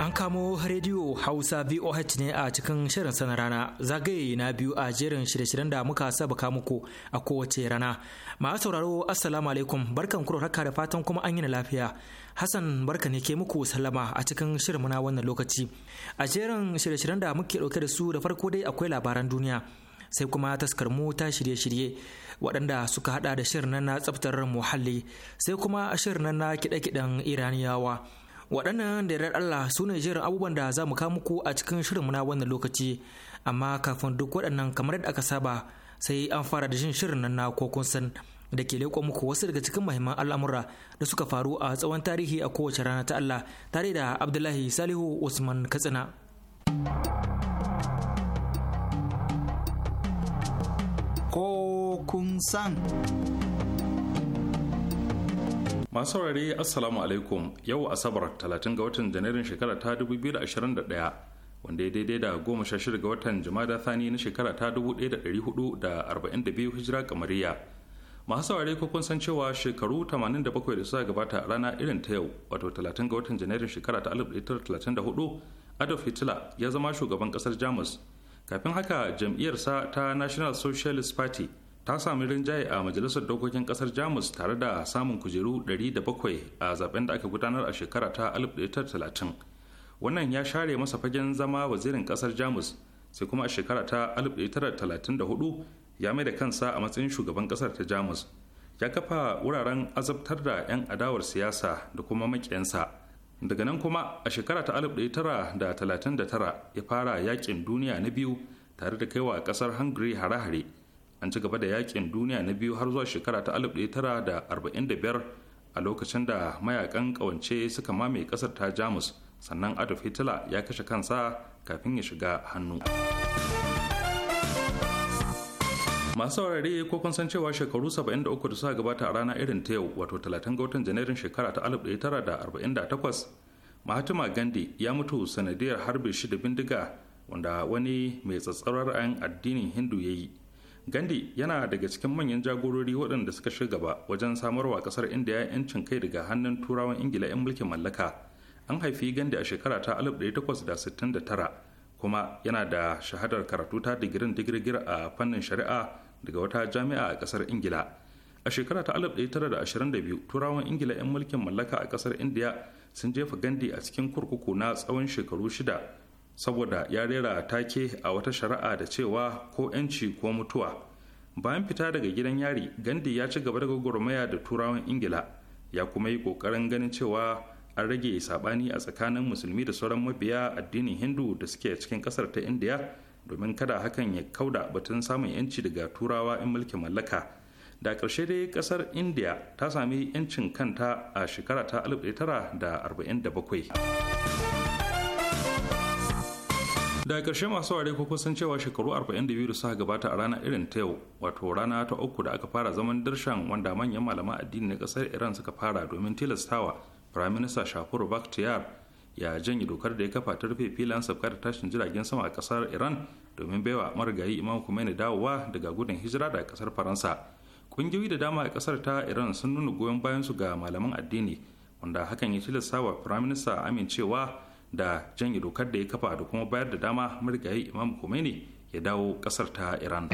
An kamo rediyo Hausa VOH ne a cikin shirin sana rana zagaye na biyu a jerin shirye-shiryen da muka saba muku a kowace rana. Ma sauraro Assalamu alaikum barkan kuro haka da fatan kuma an yi na lafiya. Hassan barka ne ke muku sallama a cikin shirin na wannan lokaci. A jerin shirye-shiryen da muke dauke da su da farko dai akwai labaran duniya. sai kuma taskar mu ta shirye-shirye waɗanda suka haɗa da shirin na tsaftar muhalli sai kuma shirin na kiɗe-kiɗen iraniyawa waɗannan da Allah su ne jerin abubuwan da za mu kawo muku a cikin shirin na wannan lokaci amma kafin duk waɗannan kamar yadda aka saba sai an fara da jin shirin nan na kokon san da ke leƙo muku wasu daga cikin mahimman al'amura da suka faru a tsawon tarihi a kowace rana ta Allah tare da Abdullahi Salihu Usman Katsina. Kokun san. masu saurare assalamu alaikum yau asabar 30 ga watan janairun shekara ta 2021 wanda ya daidai da goma 16 ga watan jumada thani na shekara ta 1442 hijira kamariya masu saurare ko kun san cewa shekaru 87 da suka gabata rana irin ta yau wato 30 ga watan janairun shekara ta 1934 adolf hitler ya zama shugaban kasar jamus kafin haka jam'iyyarsa ta national socialist party ta sami rinjaye a majalisar dokokin kasar jamus tare da samun kujeru 700 a zaben da aka gudanar a shekara ta 1930 wannan ya share masa fagen zama wazirin kasar jamus sai kuma a shekara ta 1934 ya mai da kansa a matsayin shugaban kasar ta jamus ya kafa wuraren azabtar da 'yan adawar siyasa da kuma makiyansa daga nan kuma a shekara ta 1939 ya fara yakin duniya na biyu tare da kaiwa kasar hungary hare-hare an ci gaba da yakin duniya na biyu har zuwa shekara ta 1945 a lokacin da mayakan kawance suka mamaye kasar ta jamus sannan adolf hitler ya kashe kansa kafin ya shiga hannu masu saurare ko kun san cewa shekaru 73 da suka gabata a rana irin ta yau wato 30 ga watan janairun shekara ta 1948 mahatma gandhi ya mutu sanadiyar harbin shida bindiga wanda wani mai tsatsauran ra'ayin addinin hindu ya yi gandhi yana daga cikin manyan jagorori waɗanda suka shiga gaba wajen samarwa ƙasar india 'yancin kai daga hannun turawan ingila 'yan mulkin mallaka an haifi gandhi a shekara ta 1869 kuma yana da shahadar karatu ta digirin digirgir a fannin shari'a daga wata jami'a a ƙasar ingila a shekara ta 1922 turawan ingila 'yan mulkin mallaka a ƙasar india sun jefa gandhi a cikin kurkuku na tsawon shekaru shida saboda ya rera take a wata shari'a da cewa ko 'yanci ko mutuwa bayan fita daga gidan yari gandi ya ci gaba da gurmaya da turawan ingila ya kuma yi kokarin ganin cewa an rage sabani a tsakanin musulmi da sauran mabiya addinin hindu da suke cikin kasar ta indiya domin kada hakan ya kauda batun samun yanci daga turawa in mulkin mallaka da karshe dai kasar indiya ta sami yancin kanta a shekara ta 1947 daga ƙarshe masu ware ko kusan cewa shekaru 42 da suka gabata a rana irin ta yau wato rana ta uku da aka fara zaman darshan wanda manyan malaman addini na kasar iran suka fara domin tilastawa firaminista shafur bakhtiyar ya janye dokar da ya kafa ta rufe filan sabka da tashin jiragen sama a kasar iran domin baiwa marigayi imam khomeini dawowa daga gudun hijira da kasar faransa kungiyoyi da dama a kasar ta iran sun nuna goyon bayansu ga malaman addini wanda hakan ya tilastawa firaminista amincewa da janye dokar da ya kafa da kuma bayar da dama marigayi imam Khomeini ya dawo kasar ta iran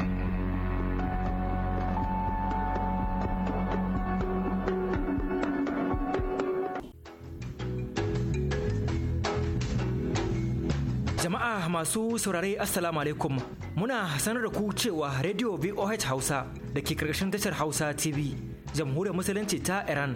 jama'a masu saurare assalamu alaikum muna sanar da ku cewa radio voh hausa da ke karkashin tashar hausa tv jamhuriyar musulunci ta iran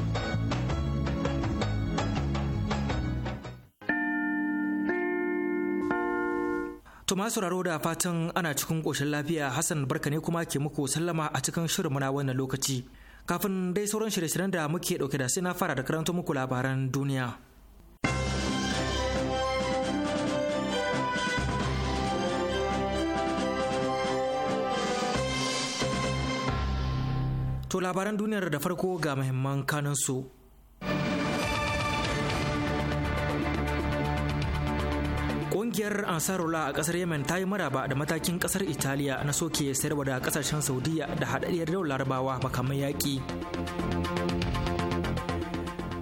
To masu sauraro da fatan ana cikin ƙoshin lafiya Hassan barka ne kuma ke muku sallama a cikin shirin muna wannan lokaci. Kafin dai sauran shirye-shiryen da muke ɗauke da sai na fara da karanto muku labaran duniya. To labaran duniyar da farko ga muhimman kanunsu. Ƙungiyar Ansarullah a ƙasar Yemen ta yi maraba da matakin ƙasar Italiya na soke sayarwa da kasashen Saudiya da haɗaɗɗiyar daular larabawa makamai yaƙi.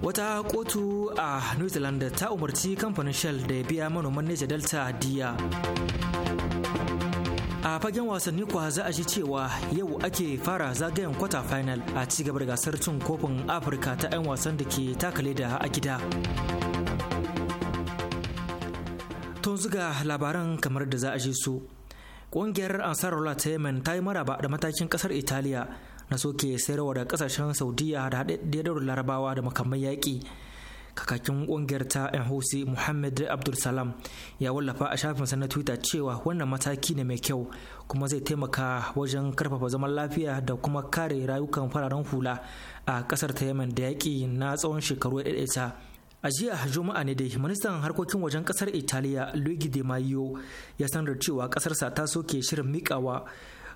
Wata kotu a New Zealand ta umarci kamfanin Shell da ya biya manoman Neja Delta diya. A fagen wasanni kuwa za a ji cewa yau ake fara zagayen kwata final a cigabar gasar cin kofin Afirka ta 'yan wasan da ke takale da a gida. tun zuga labaran kamar da za a ji su ƙungiyar ansarullah ta yemen ta yi maraba da matakin kasar italiya na soke sayarwa da kasashen saudiya da haɗaɗɗiyar larabawa da makamai yaƙi kakakin ƙungiyar ta hosi muhammad salam ya wallafa a shafinsa na twitter cewa wannan mataki ne mai kyau kuma zai taimaka wajen karfafa zaman lafiya da kuma kare rayukan fararen hula a kasar ta yemen da yaƙi na tsawon shekaru ɗaiɗaita A jiya Juma'a ne dai ministan harkokin wajen kasar Italiya Luigi De mayo ya sanar cewa kasarsa ta soke shirin mikawa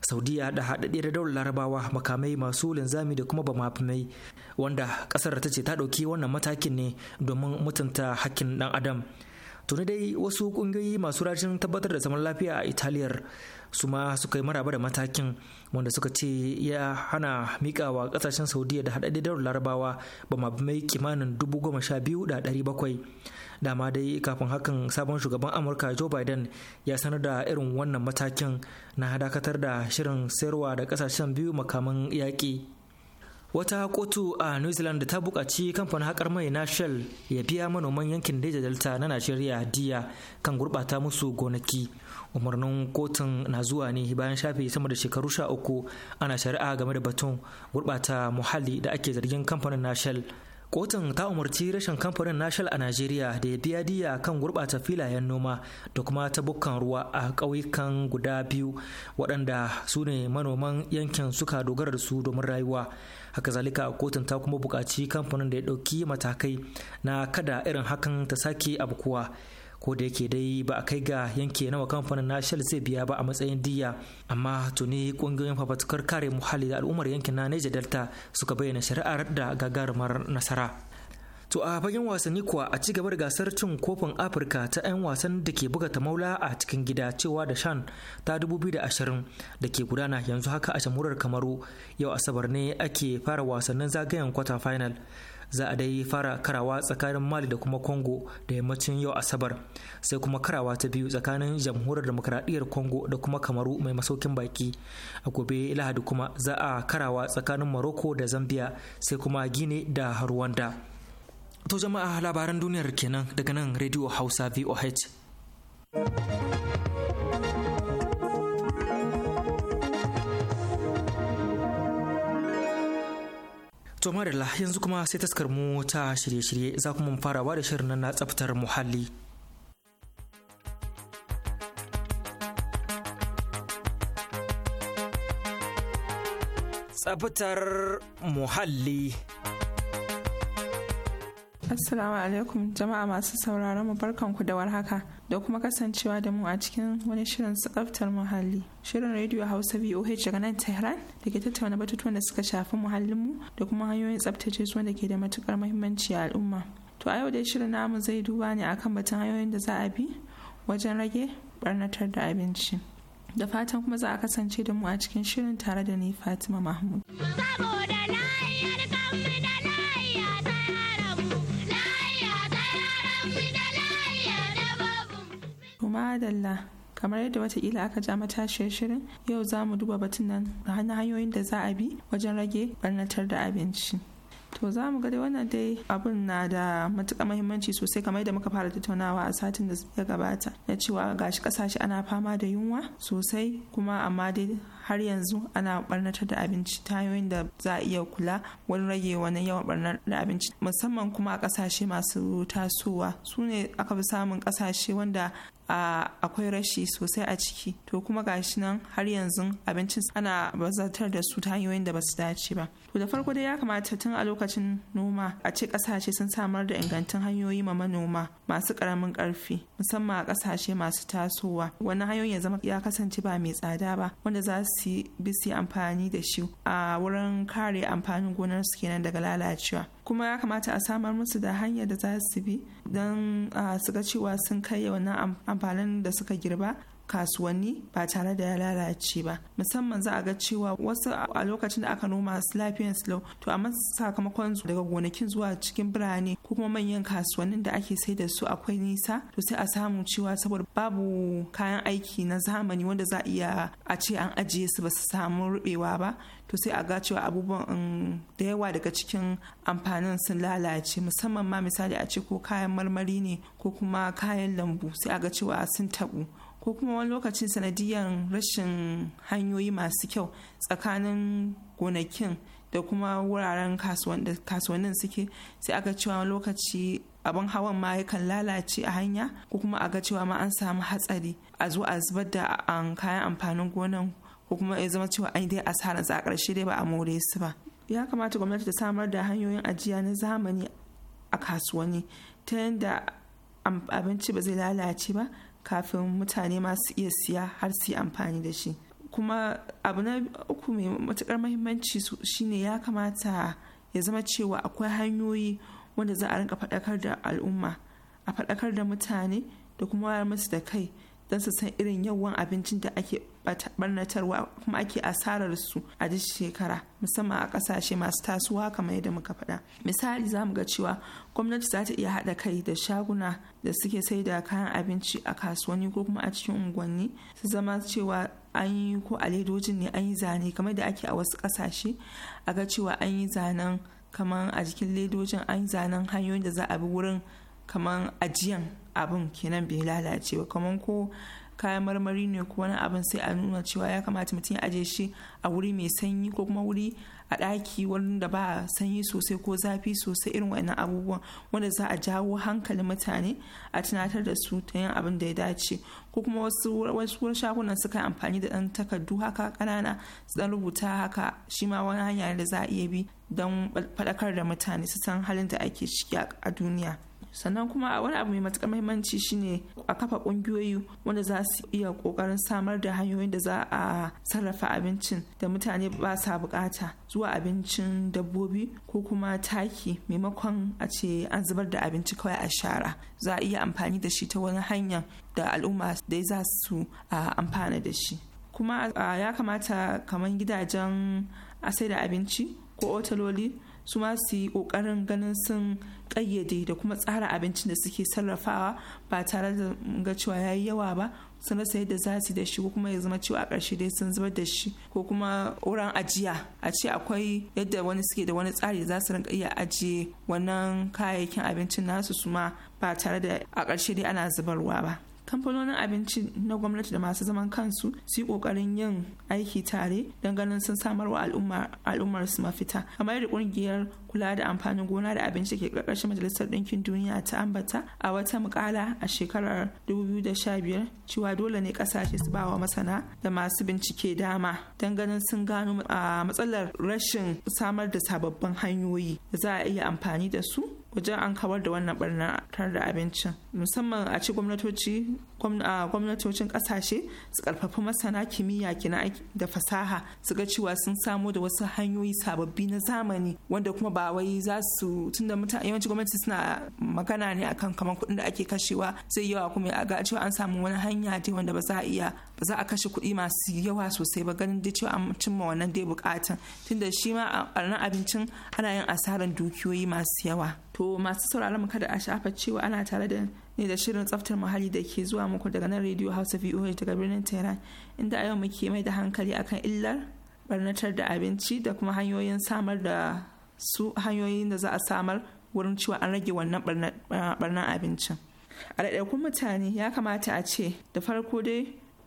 Saudiya da haɗaɗɗiyar daular larabawa makamai masu linzami da kuma bamafimai wanda kasar ta ce ta ɗauki wannan matakin ne domin mutunta hakkin ɗan adam. tuni dai wasu kungiyoyi masu rashin tabbatar da zaman lafiya a italiyar su ma suka yi maraba da matakin wanda suka ce ya hana mikawa kasashen saudiya da da larabawa ba ma mai kimanin dubu goma sha biyu da ɗari bakwai dama dai kafin hakan sabon shugaban amurka joe biden ya sanar da irin wannan matakin na hadakatar da shirin sayarwa da kasashen biyu makaman yaƙi wata kotu a new zealand ta bukaci kamfanin haƙar mai na shell ya biya manoman yankin Deja delta na najeriya diya kan gurɓata musu gonaki umarnin kotun na zuwa ne bayan shafe sama da shekaru sha uku ana shari'a game da batun gurɓata muhalli da ake zargin kamfanin na shell kotun ta umarci rashin kamfanin nashal a najeriya da ya biya diya kan gurɓata filayen noma da kuma ta bukkan ruwa a ƙauyukan guda biyu waɗanda su ne manoman yankin suka dogara da su domin rayuwa haka zalika kotun ta kuma buƙaci kamfanin da ya ɗauki matakai na kada irin hakan ta sake abkuwa ko da yake dai ba a kai ga yanke nawa kamfanin na shell zai biya ba a matsayin diya amma tuni kungiyoyin fafatukar kare muhalli da al'ummar yankin na Niger Delta suka bayyana shari'ar da gagarumar nasara To a fagen wasanni kuwa a ci gaba da gasar cin kofin Afirka ta 'yan wasan da ke buga ta maula a cikin gida cewa da shan ta 2020 da ke gudana yanzu haka a shamurar Kamaru yau Asabar ne ake fara wasannin zagayen quarter final. za a dai fara karawa tsakanin mali da kuma congo da yammacin yau asabar sai kuma karawa ta biyu tsakanin jamhuriyar demokradiyyar congo da kuma kamaru mai masaukin baki a gobe lahadi kuma za a karawa tsakanin maroko da zambia sai kuma gine da rwanda to jama'a labaran duniyar kenan daga nan radio hausa voh To Marilla yanzu kuma sai taskar mu ta shirye-shirye za kuma farawa da shirin na tsaftar muhalli. Tsaftar muhalli. Assalamu alaikum jama'a masu sauraron mu barkan ku da warhaka da kuma kasancewa da mu a cikin wani shirin tsaftar muhalli. Shirin rediyo Hausa VOH daga nan Tehran da ke tattauna batutuwan da suka shafi mu da kuma hanyoyin tsaftace su da ke da matukar muhimmanci a al'umma. To a yau dai shirin namu zai duba ne akan batun hanyoyin da za a bi wajen rage barnatar da abinci. Da fatan kuma za a kasance da mu a cikin shirin tare da ni Fatima Mahmud. Saboda na madalla kamar yadda watakila aka ja matashiyar shirin yau za mu duba batun nan na hanyoyin da za a bi wajen rage barnatar da abinci to za mu dai wannan dai abun na da matuka mahimmanci sosai kamar yadda muka fara tattaunawa a satin da ya gabata na cewa gashi kasashe ana fama da yunwa sosai kuma amma dai har yanzu ana barnatar da abinci ta hanyoyin da za a iya kula wani rage wani yawan barnar da abinci musamman kuma a kasashe masu tasowa su ne aka fi samun kasashe wanda a akwai rashi sosai a ciki to kuma gashi nan har yanzu abincin ana bazatar da su ta hanyoyin da basu dace ba to da farko dai ya kamata tun a lokacin noma a ce kasashe sun samar da ingantun hanyoyi ma manoma masu karamin karfi musamman a kasashe masu tasowa Wannan hanyoyin ya zama ya kasance ba mai tsada ba wanda za su bi su amfani da shi a wurin kare amfanin gonar su kenan daga lalacewa kuma ya kamata a samar musu da hanyar da za su bi don ah, su ga cewa sun kai wannan amfanin da suka girba kasuwanni ba tare da ya lalace ba musamman za a ga cewa wasu a lokacin da aka noma su lafiyan slow to amma sakamakon daga gonakin zuwa cikin birane ko kuma manyan kasuwannin da ake sai da su akwai nisa to sai a samu cewa saboda babu kayan aiki na zamani wanda za a iya a ce an ajiye su ba su samu rubewa ba to sai a ga cewa abubuwan um, da yawa daga cikin amfanin sun lalace musamman ma misali a ce ko kayan marmari ne ko kuma kayan lambu sai a ga cewa sun taɓu ko kuma wani lokacin sanadiyar rashin hanyoyi masu kyau tsakanin gonakin da kuma wuraren kasuwannin suke sai aga cewa lokaci abin hawan ma yakan lalace a hanya ko kuma aga cewa ma an samu hatsari a zo a zubar da an um, kayan amfanin gonan ko kuma ya zama cewa an dai a karshe dai ba a more su ba ya kamata gwamnati ta samar da hanyoyin ajiya na zamani a kasuwanni ta yadda abinci ba zai lalace ba kafin mutane masu iya siya har su yi amfani da shi kuma abu na uku mai matukar mahimmanci shine ya kamata ya zama cewa akwai hanyoyi wanda za a rinka faɗakar da al'umma a faɗakar da mutane da kuma wayar musu da kai don su san irin yawan abincin da ake barnatarwa kuma ake asarar su a duk shekara musamman a kasashe masu tasowa kamar yadda muka faɗa misali za mu ga cewa gwamnati za ta iya haɗa kai da shaguna da suke sai da kayan abinci a kasuwanni ko kuma a cikin unguwanni su zama cewa an yi ko a ledojin ne an yi zane kamar da ake a wasu kasashe a ga cewa an yi zanen kamar a jikin ledojin an yi zanen hanyoyin da za a bi wurin kamar ajiyan abin kenan bai lalace ba kamar ko kayan marmari ne ko wani abin sai a nuna cewa ya kamata mutum ya aje shi a wuri mai sanyi ko kuma wuri a ɗaki wanda ba sanyi sosai ko zafi sosai irin wannan abubuwan wanda za a jawo hankalin mutane a tunatar da su ta yin abin da ya dace ko kuma wasu wasu shagunan suka yi amfani da ɗan takardu haka ƙanana su ɗan rubuta haka shi ma wani hanya da za a iya bi don faɗakar da mutane su san halin da ake ciki a duniya. sannan kuma wani abu mai matuƙar mahimmanci shine a kafa ƙungiyoyi wanda za su iya ƙoƙarin samar da hanyoyin da za a sarrafa abincin da mutane ba sa buƙata zuwa abincin dabbobi ko kuma taki maimakon a ce an zubar da abinci kawai a shara za a iya amfani da shi ta wani hanya da al'umma da za su amfana da shi kuma ya kamata kamar gidajen a sai da abinci ko otaloli su ma su yi kokarin ganin sun kayyade da kuma tsara abincin da suke sarrafawa ba tare da ga cewa yayi yawa ba sun rasa yadda za su da shi ko kuma ya zama cewa a ƙarshe dai sun zubar da shi ko kuma wurin ajiya a ce akwai yadda wani suke da wani tsari za su rinka iya ajiye wannan kayayyakin abincin nasu su ma ba tare da a ƙarshe dai ana zubarwa ba kamfanonin abinci na gwamnati da masu zaman kansu su yi kokarin yin aiki tare don ganin sun samar wa al'ummar su mafita kamar yadda kungiyar kula da amfanin gona da abinci ke karkashin majalisar ɗinkin duniya ta ambata a wata mukala a shekarar 2015 cewa dole ne kasashe su bawa masana da masu bincike dama don ganin sun gano matsalar rashin samar da sababbin hanyoyi da za a iya amfani da su wajen an kawar da wannan barna tare da abincin musamman a ci gwamnatoci gwamnatocin kasashe su karfafi masana kimiyya kina da fasaha su ga cewa sun samo da wasu hanyoyi sababbi na zamani wanda kuma ba wai za su tunda mutane yawanci gwamnati suna magana ne akan kamar kuɗin da ake kashewa zai yawa kuma a ga cewa an samu wani hanya dai wanda ba za a iya ba za a kashe kuɗi masu yawa sosai ba ganin da cewa an cimma wannan dai bukatan tunda shi ma a ranar abincin ana yin asarar dukiyoyi masu yawa to masu sauraron mu kada a shafa cewa ana tare da ne da shirin tsaftar muhalli da ke zuwa muku daga nan radio hausa voh daga birnin tehran inda a yau muke mai da hankali akan illar barnatar da abinci da kuma hanyoyin samar da su hanyoyin da za a samar wurin cewa an rage wannan ah, barnan abincin a ɗaiɗaikun mutane ya kamata a ce da farko dai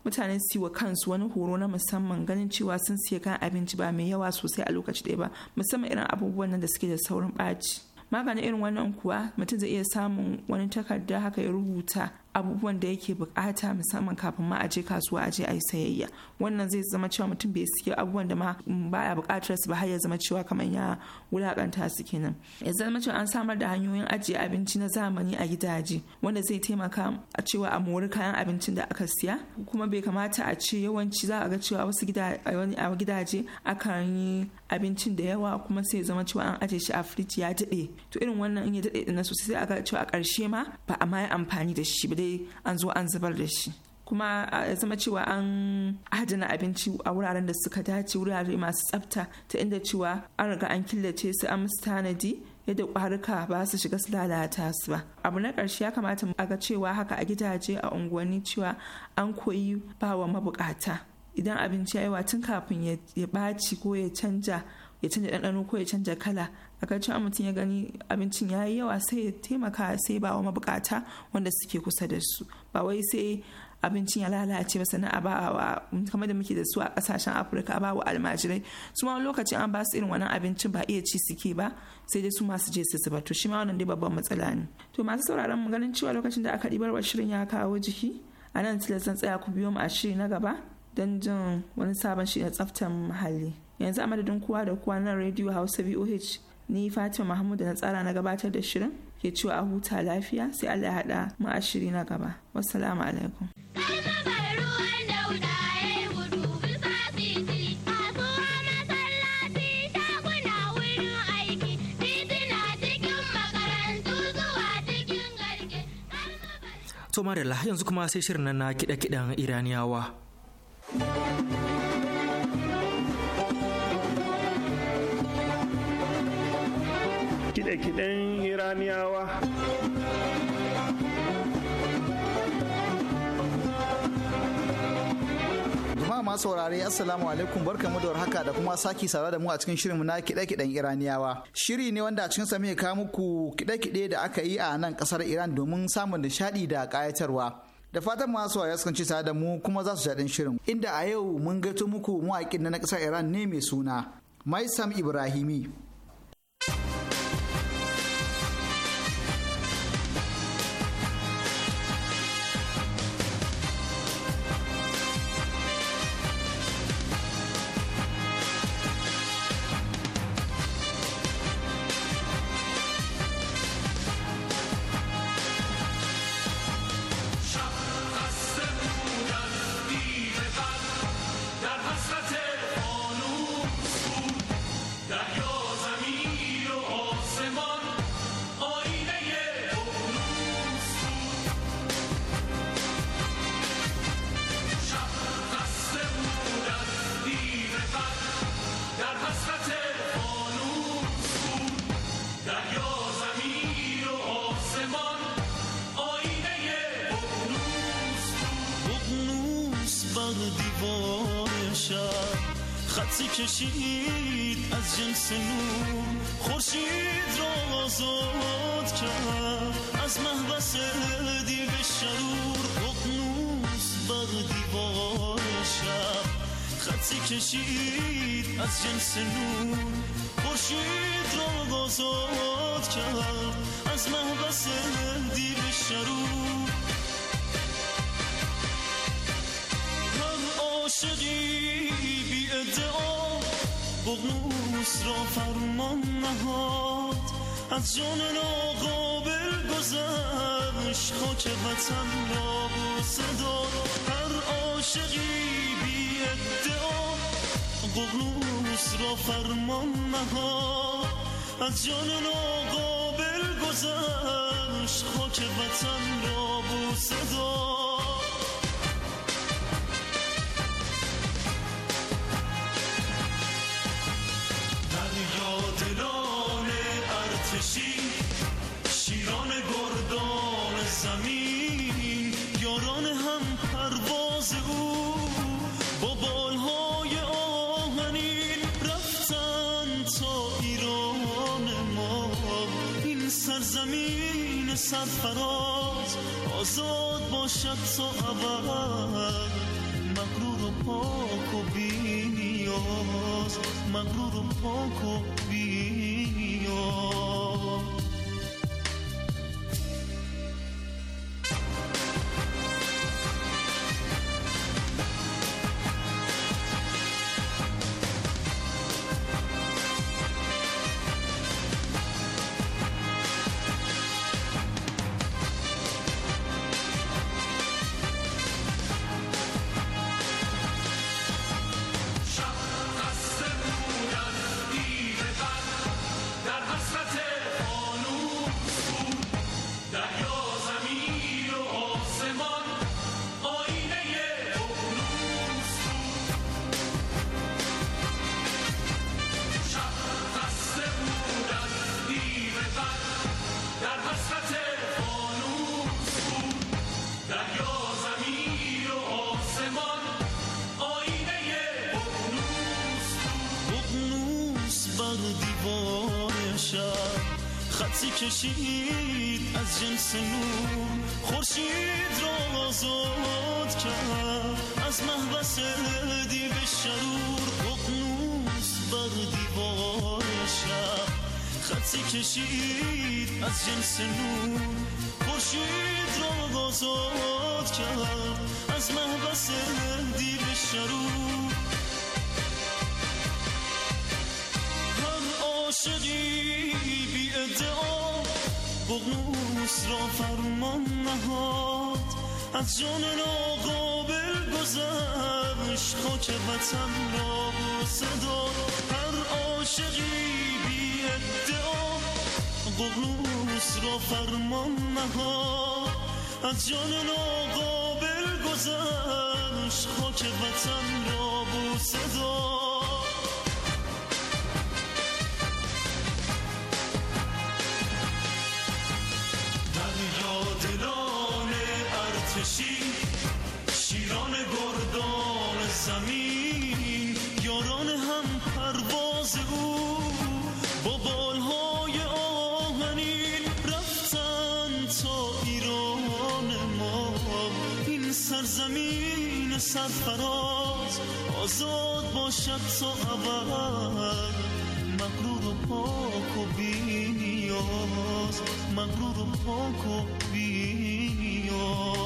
mutane su wa kansu wani horo na musamman ganin cewa sun siya kan abinci ba mai yawa sosai a lokaci ɗaya ba musamman irin abubuwan nan da suke da saurin ɓaci maganin irin wannan kuwa mutum zai iya samun wani takarda haka ya rubuta abubuwan da yake bukata musamman kafin ma aje kasuwa aje a yi sayayya wannan zai zama cewa mutum bai siya abubuwan da ma baya bukatar su ba har ya zama cewa kamar ya wulakanta su kenan ya zama cewa an samar da hanyoyin ajiye abinci na zamani a gidaje wanda zai taimaka a cewa a mori kayan abincin da aka siya kuma bai kamata a ce yawanci za a ga cewa wasu gidaje akan yi abincin da yawa kuma sai zama cewa an ajiye shi a firiji ya daɗe to irin wannan in ya daɗe na sosai sai a ga cewa a ƙarshe ma ba a ma yi amfani da shi ba dai an zo an zubar da shi kuma ya zama cewa an adana abinci a wuraren da suka dace wurare masu tsafta ta inda cewa an riga an killace su an musu tanadi yadda kwaruka ba su shiga su lalata su ba abu na ƙarshe ya kamata a ga cewa haka a gidaje a unguwanni cewa an koyi ba mabukata idan abinci ya yi tun kafin ya ɓaci ko ya canja ya canza ɗanɗano ko ya canja kala a karshen a mutum ya gani abincin ya yi yawa sai ya taimaka sai ba wa mabukata wanda suke kusa da su ba wai sai abincin ya lalace ba sannan a ba kamar da muke da su a kasashen afirka a wa almajirai su ma lokacin an ba su irin wannan abincin ba iya ci suke ba sai dai su masu je su zuba to shi ma wannan dai babban matsala ne to masu sauraron mu ganin cewa lokacin da aka ɗibar wa shirin ya kawo jiki a nan tilastan tsaya ku biyo mu a shiri na gaba don jin wani sabon shi na tsaftar muhalli. yanzu a madadin kowa da kowa na radio hausa voh ni fatima mahmud na tsara na gabatar da shirin ke cewa a huta lafiya sai allah ya haɗa mu a shiri na gaba wassalamu alaikum To Marilla yanzu kuma sai shirin na kiɗe-kiɗen Iraniyawa. kiɗe iraniyawa jama'a masu saurare assalamu alaikum barkamu da haka da kuma saki saurare da mu a cikin shirin na kiɗe-kiɗen iraniyawa shiri ne wanda a cikin sami muke kawo muku kiɗe-kiɗe da aka yi a nan kasar iran domin samun nishaɗi da ƙayatarwa da fatan masu waya sukan ci tare da mu kuma za su jaɗin shirin inda a yau mun gaito muku mawaƙin na ƙasar iran ne mai suna maisam ibrahimi کشید از جنس نور خورشید را آزاد کرد از محبس دیو شرور ققنوس بر دیوار شب خطی کشید از جنس نور خورشید را آزاد کرد از محبس دیو شرور هر بغنوس را فرمان نهاد از جان ناقابل گذشت خاک وطن را بوسه داد هر عاشقی بی ادعا ققنوس را فرمان نهاد از جان ناقابل گذشت خاک وطن را بوسه باران هم پرواز او با بالهای آهنین رفتن تا ایران ما این سرزمین سرفراز آزاد باشد تا اول مغرور و پاک و بینیاز نیاز مغرور و پاک خورشید از جنس نور خورشید را آزاد کرد از محبس دیو شرور ققنوس بر دیوار شب خطی کشید از جنس نور خورشید را آزاد کرد از محبس دیو شرور بغنوس را فرمان نهاد از جان ناقابل گذشت خاک وطن را صدا هر عاشقی بی ادعا بغنوس را فرمان نهاد از جان ناقابل گذشت خاک وطن را صدا برسد فراز آزاد باشد تا اول مقرور و پاک و بی مقرور و پاک و بی نیاز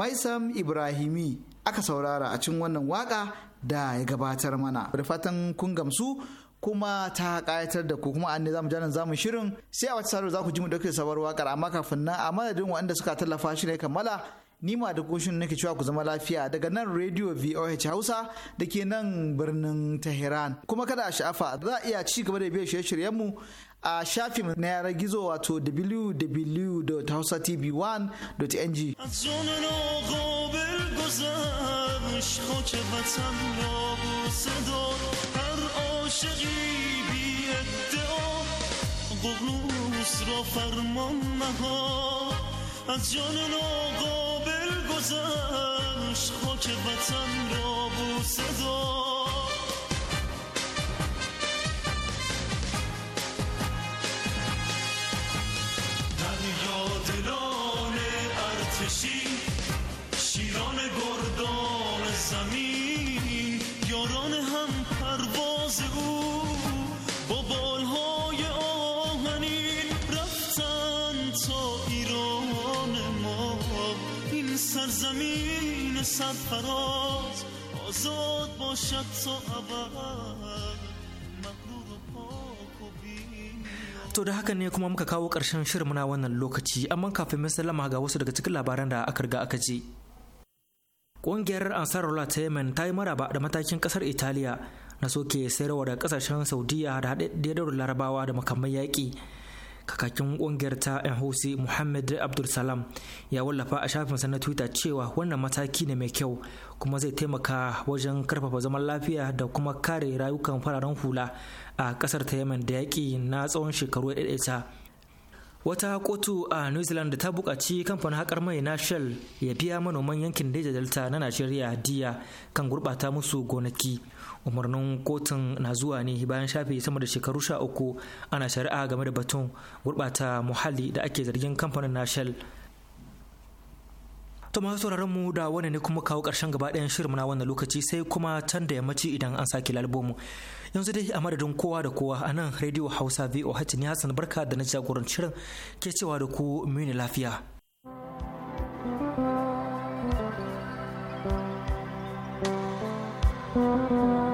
Maisam Ibrahimi aka saurara a cikin wannan waka da ya gabatar mana. Da fatan kun gamsu kuma ta kayatar da ku kuma an ne zamu nan zamu shirin sai a wata sarar za ku ji mu dauke sabar wakar amma kafin nan a madadin waɗanda suka tallafa shi ne kammala ni ma da koshin nake cewa ku zama lafiya daga nan radio VOH Hausa da ke nan birnin Tehran kuma kada a sha'afa za a iya ci gaba da biyan shirye-shiryen mu a shafin na yara gizo wato www.hausatv1.ng از عاشقی بی ادعا ققنوس را فرمان نها از جان ناقابل گذشت خاک وطن را بوسه فراز آزاد باشد To da haka ne kuma muka kawo ƙarshen shirin na wannan lokaci amma kafin mai sallama ga wasu daga cikin labaran da aka riga aka je. Ƙungiyar Ansarullah ta Yemen ta yi maraba da matakin ƙasar Italiya na soke sayarwa da ƙasashen Saudiya da haɗaɗɗiyar Larabawa da makamai yaƙi. kakakin ƙungiyar ta hausi muhammad abdulsalam ya wallafa a shafinsa na twitter cewa wannan mataki ne mai kyau kuma zai taimaka wajen karfafa zaman lafiya da kuma kare rayukan fararen hula a kasar ta yemen da yaƙi na tsawon shekaru ɗaiɗaita wata kotu a new zealand ta bukaci kamfanin haƙar mai na shell ya biya manoman yankin daidai delta na najeriya diya kan gurɓata musu gonaki umarnin kotun na zuwa ne bayan shafe sama da shekaru sha uku ana shari'a game da batun gurɓata muhalli da ake zargin kamfanin nashel to masu sauraron mu da wani ne kuma kawo ƙarshen gaba ɗayan shirin na wannan lokaci sai kuma can da yammaci idan an sake mu yanzu dai a madadin kowa da kowa a nan rediyo hausa voh ne hassan barka da na jagoran shirin ke cewa da ku muni lafiya thank you